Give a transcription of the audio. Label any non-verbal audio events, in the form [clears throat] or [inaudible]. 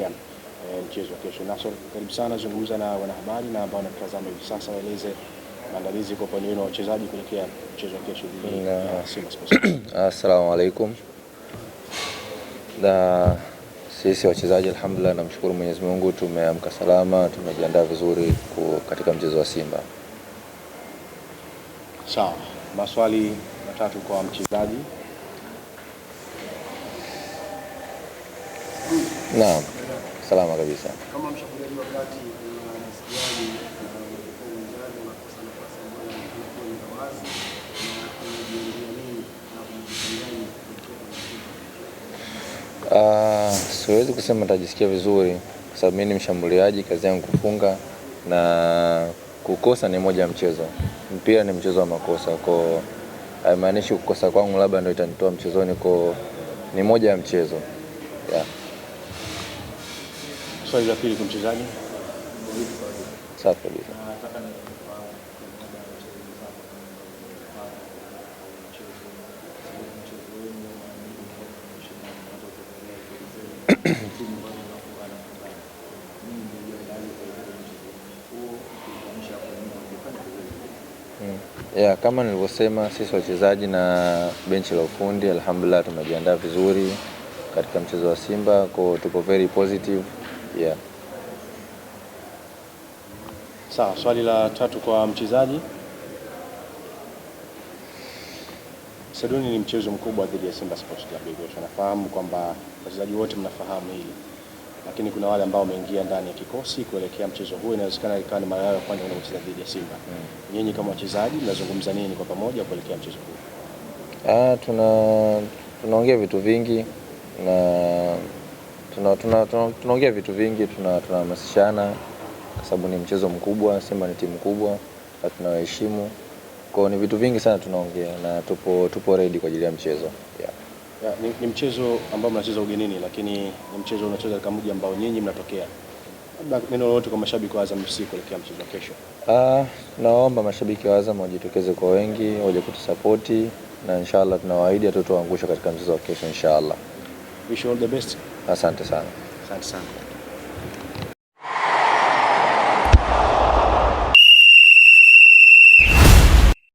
kuelekea eh, mchezo wa kesho. Naso, karibu sana, zungumza na wanahabari na ambao wanatazama hivi sasa, waeleze maandalizi kwa upande wenu wa wachezaji kuelekea mchezo wa kesho dhidi ya [clears throat] Simba Sports. [clears throat] Assalamu alaikum. Na sisi wachezaji alhamdulillah, namshukuru Mwenyezi Mungu, tumeamka salama, tumejiandaa vizuri katika mchezo wa Simba. Sawa, maswali matatu kwa mchezaji. Naam salama kabisa. Kama mshauriano wakati Uh, ah, siwezi kusema nitajisikia vizuri kwa sababu mimi ni mshambuliaji, kazi yangu kufunga na kukosa ni moja ya mchezo. Mpira ni mchezo wa makosa, kwa haimaanishi kukosa kwangu labda ndio itanitoa mchezoni, kwa ni moja ya mchezo yeah. Swali la pili kwa mchezaji. Safi kabisa. Yeah, kama nilivyosema sisi wachezaji na benchi la ufundi alhamdulillah tumejiandaa vizuri katika mchezo wa Simba, kwa tuko very positive Yeah. Sawa, swali la tatu kwa mchezaji. saduni ni mchezo mkubwa dhidi ya Simba Sports Club Nafahamu kwamba wachezaji wote mnafahamu hili, lakini kuna wale ambao wameingia ndani ya kikosi kuelekea mchezo huu, inawezekana ikawa ni mara yao ya kwanza wanaocheza dhidi ya Simba. Mm. Nyinyi kama wachezaji mnazungumza nini kwa pamoja kuelekea mchezo huu? Ah, tuna tunaongea vitu vingi na tunaongea tuna, tuna, tuna vitu vingi, tunahamasishana tuna kwa sababu ni mchezo mkubwa. Simba ni timu kubwa na tunawaheshimu kwao, ni vitu vingi sana tunaongea na tupo, tupo ready kwa ajili ya mchezo yeah. Yeah, ni, ni mchezo ambao mnacheza ugenini, lakini ni mchezo unacheza katika mji ambao nyinyi mnatokea. Labda neno lolote kwa mashabiki wa Azam FC kuelekea mchezo wa kesho? ah, naomba mashabiki wa Azam wajitokeze kwa wengi, waje kutusapoti na inshallah tunawaahidi hatutoangusha katika mchezo wa kesho inshallah. Wish you all the best. Asante sana. Asante sana.